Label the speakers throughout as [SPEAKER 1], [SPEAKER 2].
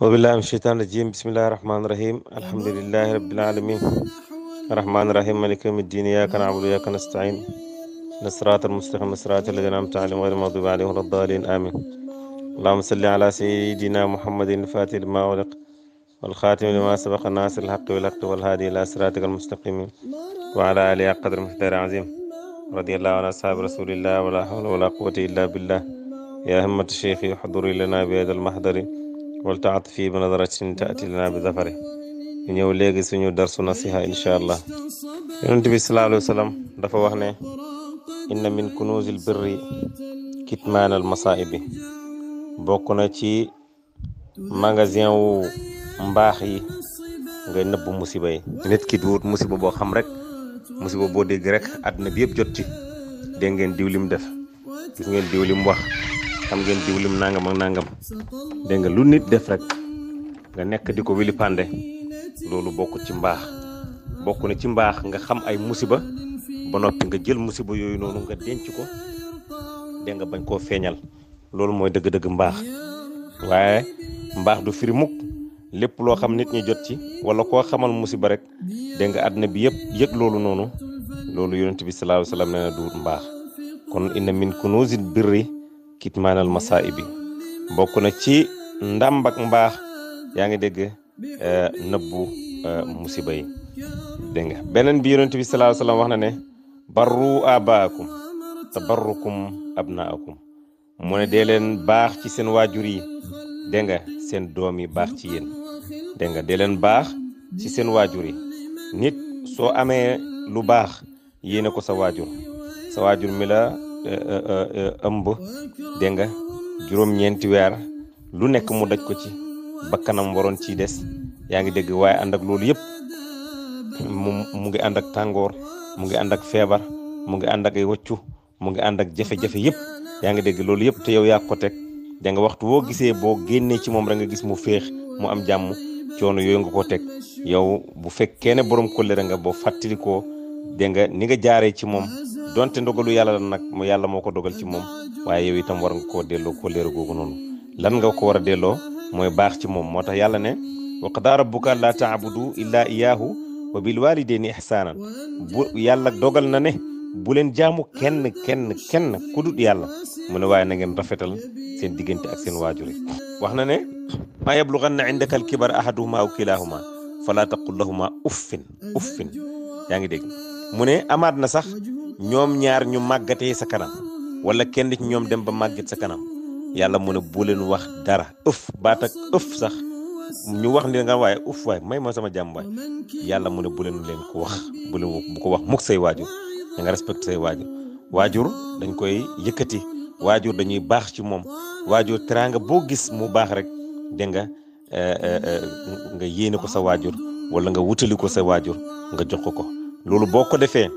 [SPEAKER 1] wabillahi min sheytaan rajim bismillahi rahmaani rahim alhamdulilahi rabbil alamin rahmaani rahim maliki yawmi ddin iyyaka na'budu wa iyyaka nasta'in ihdinas siraatal mustaqiim siraatal ladiina an'amta alayhim ghayril maghduubi alayhim waladdaalliin amin allahumma salli ala sayyidina muhammadin al-faatihi limaa ughliqa wal khaatimi limaa sabaqa naasiril haqqi bil haqqi wal haadi ilaa siraatikal mustaqiim wa ala aalihi haqqa qadrihi wa miqdaarihil aziim radiyallaahu an ashaabi rasuulillah wa laa hawla wa laa quwwata illaa billah yaa himmata sheikhi uhduri lanaa bi haadal mahdari wal taat fii bi nadaratin taati lana bi zafare ñu ñëw léegi suñu darsu nasiha incha allah yonent bi sallallahu alayhi dafa wax ne inna min kunuzil birri kitmaanal masaa'ibi bokk na ci magasin wu mbaax yi ngay nëbb musiba yi nit ki duut musiba boo xam rek musiba boo dégg rek àdduna bi yëpp jot ci dégg ngeen diw lim def gis ngeen diw lim wax xam ngeen diw lim nangam ak nangam dégg nga lu nit def rek nga nekk di ko wili loolu bokkut ci mbaax bokk na ci mbaax nga xam ay musiba ba noppi nga jël musiba yooyu noonu nga denc ko dégg nga bañ koo feeñal loolu mooy dëgg-dëgg mbaax waaye mbaax du firi mukk lépp loo xam nit ñi jot ci wala koo xamal musiba rek dégg nga àddina bi yëpp yëg loolu noonu loolu yonent bi sallallahu alayhi wasallam nee na mbaax kon inna min kunuzil birri kitmaanal masaa'ibi bokk na ci ndàmb ak mbaax yaa ngi dégg eh, nëbbu eh, musiba yi dégg nga beneen bi yonent bi sallallahu alayhi wax na ne barru abaakum tabarrukum abnaakum mu ne dee leen baax ci seen waajur yi dégg nga seen doom yi baax ci yéen dégg nga dee leen baax ci seen waajur yi nit soo amee lu baax yéene ko sa waajur sa waajur mi la E, e, e, ëmb dégg nga juróom-ñeenti weer lu nekk mu daj ko ci bakkanam waroon ciy des yaa ngi dégg waaye ànd ak loolu yëpp mu mu ngi ànd ak tàngoor mu ngi ànd ak feebar mu ngi ànd ak ay waccu mu ngi ànd ak jafe-jafe yëpp yaa ngi dégg loolu yëpp te yow yaa ko teg da nga waxtu woo gisee boo génnee ci moom rek nga gis mu féex mu am jàmm coono yooyu nga ko teg yow bu fekkee ne borom kóllëre nga boo fàttalikoo dégg nga ni nga jaaree ci moom donte ndogalu yàlla la nag mu yàlla moo ko dogal ci moom waaye yow itam war nga koo delloo ko leer googu noonu lan nga ko war a delloo mooy baax ci moom moo tax yàlla ne wa qadaa rabbuka laa taabudu illaa iyaahu wa bil walidaini ihsaanan bu yàlla dogal na ne bu leen jaamu kenn kenn kenn ku dut yàlla mu waaye na ngeen rafetal seen diggante ak seen waajure wax na ne maa yablughanna indaka al kibar ahaduhuma aw kilahuma falaa taqul ma uffin uffin yaa ngi dégg mu ne amaat na sax ñoom ñaar ñu màggatee sa kanam wala kenn di ñoom dem ba màgget sa kanam yàlla mu ne bu leen wax dara ëf baat ak ëf sax ñu wax ni nga waaye ëf waay may ma sama jàmm waay yàlla mu ne bu leen leen ko wax bu leen bu ko wax mukk say waajur da nga respecté say waajur waajur dañ koy yëkkati waajur dañuy baax ci moom waajur teraanga boo gis mu baax rek dégg nga eh, eh, eh, nga yéene ko sa waajur wala nga wutali ko sa waajur nga jox ko ko boo ko defee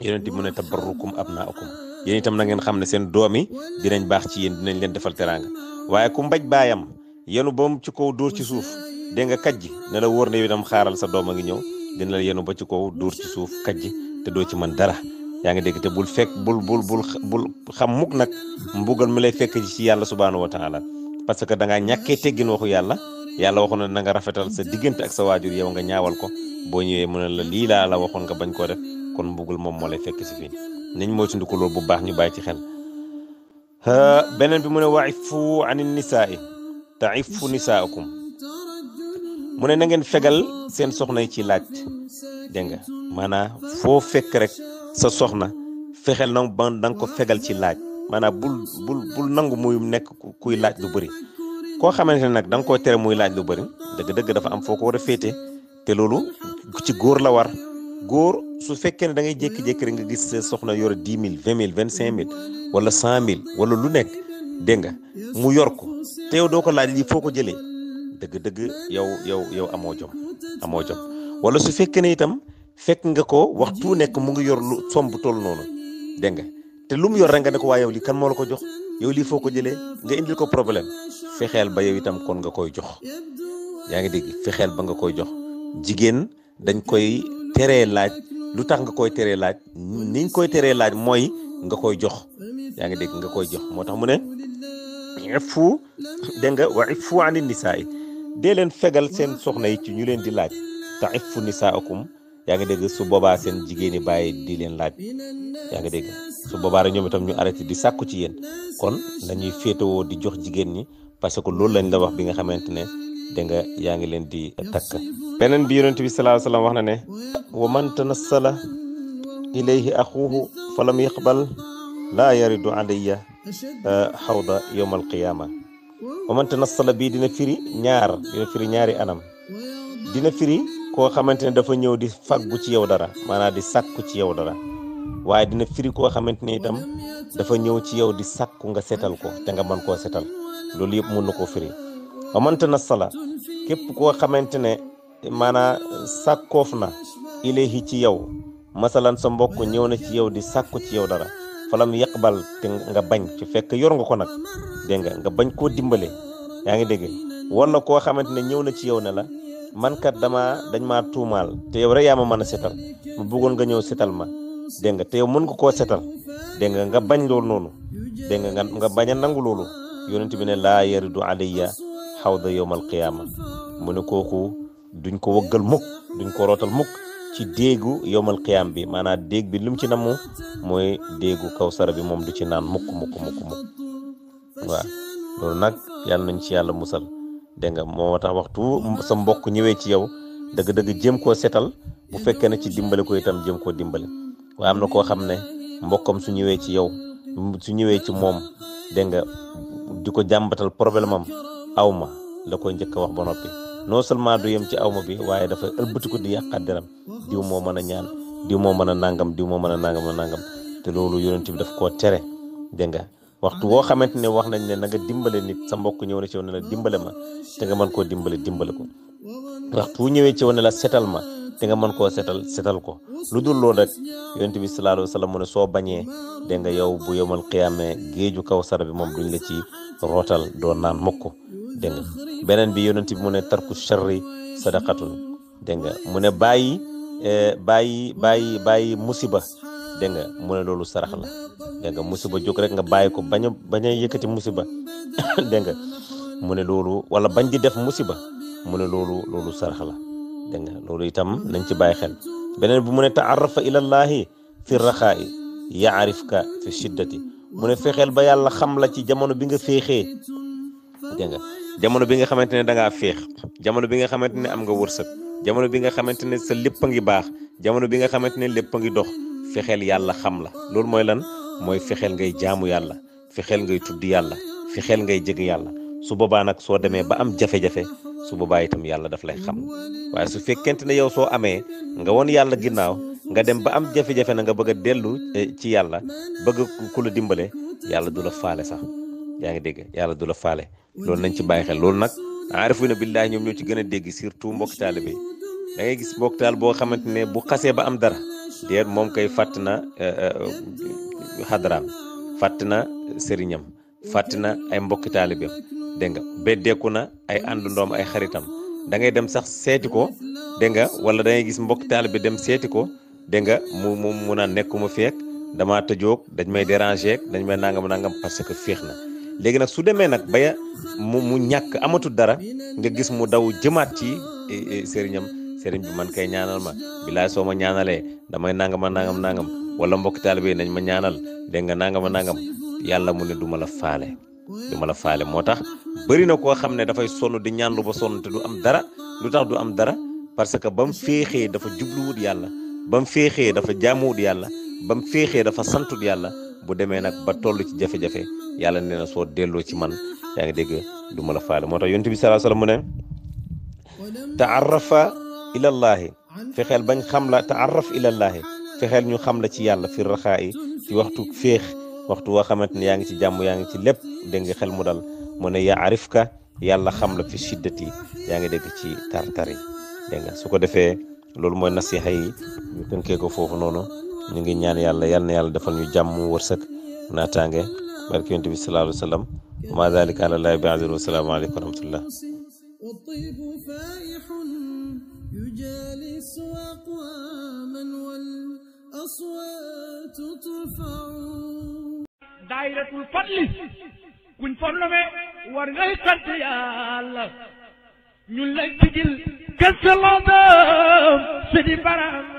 [SPEAKER 1] yonent bi mu ne tabarrukum abnaakum yéen itam na ngeen xam ne seen doom yi dinañ baax ci yéen dinañ leen defal teraanga waaye ku mbaj baayam yenu bam ci kaw dóor ci suuf dégg nga kajji ne la wóor na yow itam xaaral sa doom a ngi ñëw dina la yenu ba ci kaw dóor ci suuf kajji te doo ci mën dara yaa ngi dégg te bul fekk bul bul bul bul xam mukk nag mbugal mi lay fekk ci yàlla subhaanahu woo taala parce que da ngaa ñàkkee teggin waxu yàlla yàlla waxoon na na nga rafetal sa diggante ak sa waajur yow nga ñaawal ko boo ñëwee mu ne la lii laa la waxoon nga bañ koo def kon mbugal moom moo lay fekk si fii nañ moytandiku loolu bu baax ñu bàyyi ci xel beneen bi mu ne waifu ani nisaai taifu nisaakum mu ne na ngeen fegal seen soxna yi ci laaj dégg nga maanaam foo fekk rek sa soxna fexeel na ba da nga ko fegal ci laaj maanaam bul bul bul nangu muy nekk kuy laaj lu bëri koo xamante ne nag danga nga koo tere muy laaj lu bari dëgg-dëgg dafa am foo ko war a féete te loolu ci góor la war góor su fekkee ne da ngay jékki-jékki rek nga gis sa soxna yor dix mille vingt mille vingt cinq mille wala cent mille wala lu nekk dégg nga mu yor ko te doo ko laaj lii foo ko jëlee dëgg-dëgg yow yow yow amoo jom amoo jom wala su fekkee ne itam fekk nga ko waxtu nekk mu ngi yor lu somb toll noonu dégg nga te lu mu yor rek nga ne ko waa yow lii kan moo la ko jox yow lii foo ko jëlee nga indil ko problème fexeel ba yow itam kon nga koy jox yaa ngi dégg fexeel ba nga koy jox jigéen. dañ koy teree laaj lu tax nga koy teree laaj ni koy teree laaj mooy nga koy jox yaa ngi dégg nga koy jox moo tax mu ne ifu dégg nga wa ifu ani nisaa yi dee leen fegal seen soxna yi ci ñu leen di laaj te ifu nisaakum yaa ngi dégg su boobaa seen jigéeni bàyyi di leen laaj yaa ngi dégg su boobaa rek ñoom itam ñu arrêté di sàkku ci yéen kon nañuy féetewoo di jox jigéen ñi parce que loolu lañ la wax bi nga xamante ne da nga yaa ngi leen di takk beneen bi yonent bi sallallahu alayhi wa wax na ne wa man tanassala ilayhi axuuhu fa lam yaqbal laa yaridu alayya xawda eh, yowma alqiyaama wa man tanassala bii dina firi ñaar dina firi ñaari anam dina firi koo xamante ne dafa ñëw di faggu ci yow dara maanaa di sàkku ci yow dara waaye dina firi koo xamante ne itam dafa ñëw ci yow di sàkku nga setal ko te nga mën koo setal loolu yëpp mun na koo firi amante na sala képp koo xamante ne maanaa sàkkoof na ilayhi ci yow masalan sa mbokk ñëw na ci yow di sàkku ci yow dara falam yaqbal te nga bañ ci fekk yor nga ko nag dégg nga nga bañ koo dimbale yaa ngi dégg wala koo xamante ne ñëw na ci yow ne la man kat dama dañ maa tuumaal te yow rek yaa ma mën a setal ma bëggoon nga ñëw setal ma dégg nga te yow mën nga koo setal dégg nga nga bañ loolu noonu dégg nga nga bañ nangu loolu yonent bi ne laa yaridu alayya xawda yowmal qiyaama mu ne kooku duñ ko wëggal mukk duñ ko rootal mukk ci déegu yowmal qiyaam bi maanaam déeg bi lim ci namu mooy déegu kaw kawsara bi moom du ci naan mukk mukk mukk mukk loolu nag yàlla nañ ci yàlla musal dégg nga moo tax waxtu sa mbokk ñëwee ci yow dëgg-dëgg jëm koo setal bu fekkee ne ci dimbali ko itam jëm koo dimbali waaye am na koo xam ne mbokkam su ñëwee ci yow su ñëwee ci moom dégg nga di ko jàmbatal problème am aw ma la koy njëkk wax ba noppi non seulement du yem ci awma bi waaye dafa ëlbatiku di yàqaat deram diw moo mën a ñaan diw moo mën a nangam diw moo mën a nangam a nangam te loolu yonent bi daf koo tere dégg nga waxtu woo xamante ne wax nañ ne na nga dimbale nit sa mbokk ñëw na ci yow ne la dimbale ma te nga mën koo dimbale dimbale ko waxtu wu ñëwee ci yow la setal ma te nga mën koo setal setal ko lu dul loolu rek yonent bi sallallahu alayhi wa sallam mu soo bañee dégg yow bu yomal xiyaamee géeju kaw sara bi moom duñ la ci rootal doo naan mukk dégg nga beneen bi yonent bi mu ne tarku charri sadaqatun dégg nga mu ne bàyyi eh, bàyyi bàyyi bàyyi musiba dégg nga mu ne loolu sarax la dégg nga musiba jóg rek nga bàyyi ko bañ a bañ a yëkkati musiba dégg nga mu ne loolu wala bañ di def musiba mu ne loolu loolu sarax la dégg nga loolu itam nañ ci bàyyi xel beneen bi mu ne taarrafa ilallahi fi raxaa'i yaarifka fi shiddati mu ne fexeel ba yàlla xam la ci jamono bi nga féexee dégg jamono bi nga xamante ne da feex féex jamono bi nga xamante ne am nga wërsëg jamono bi nga xamante ne sa lépp a ngi baax jamono bi nga xamante ne lépp a ngi dox fexeel yàlla xam la loolu mooy lan mooy fexeel ngay jaamu yàlla fexeel ngay tudd yàlla fexeel ngay jeg yàlla su boobaa nag soo demee ba am jafe-jafe su boobaa itam yàlla daf lay xam waaye su fekkente ne yow soo amee nga wan yàlla ginnaaw nga dem ba am jafe-jafe na nga bëgg dellu eh, ci yàlla bëgg dimbale yàlla du la sax yaa ngi dégg yàlla du la faale loolu nañ ci bàyyi xel loolu nag aarifuna billahi ñoom ñoo ci gën a dégg surtout mbokk taalibe da gis mbokk boo xamante ne bu xasee ba am dara moom koy fàtt na euh, euh, xadaraam fàtt na sëriñam fàtt na ay mbokki taalibeem dégg nga beddeeku na ay ànd ay xaritam da dem sax seeti ko dégg nga wala da gis mbokki taalibe dem seeti ko dégg nga mu mu mu naan nekkuma feek damaa tëjoog dañ may déranger dañ may nangam nangam parce que féex na léegi nag su demee nag ba mu mu ñàkk amatul dara nga gis mu daw jëmaat ci eh, eh, sëriñam sëriñ bi man kay ñaanal ma bilaay soo ma ñaanalee damay nangama nangam nangam wala mbokk taalibe nañ ma ñaanal dégg nga nangama nangam yàlla mu ne du ma la faale du ma la faale moo tax bëri na koo xam ne dafay sonn di ñaan lu ba sonn te du am dara lu tax du am dara parce que ba mu féexee dafa jubluwut yàlla ba mu féexee dafa jaamuwut yàlla ba mu féexee dafa santut yàlla bu demee nag ba toll ci jafe-jafe yàlla nee na soo delloo ci man yaa ngi dégg du ma la faale moo tax yonent bi sallallahu alayhi wa sallam mu fexeel bañ xam la taarraf ilallaahi fexeel ñu xam la ci yàlla fi raxaa yi ci waxtu féex waxtu woo xamante ne yaa ngi ci jàmm yaa ngi ci lépp dégg xel mu dal mu ne yaarif ka yàlla xam la fi shiddat yaa ngi dégg ci tartar yi dégg su ko defee loolu mooy nasiha yi ñu tënkee ko foofu noonu ñu ngi ñaan yàlla yal na yàlla defal ñu jàmm wërsëg naataange barke yonent bi sallallahu alayhi wa sallam wa maa daalika alaa laahi bi aziiz wa salaamu aleykum wa rahmatullah يجالس أقواما والأصوات ترفع دائرة الفضل كن فرنمي ورغي قد يا الله نلجد الكسل دام سيدي برام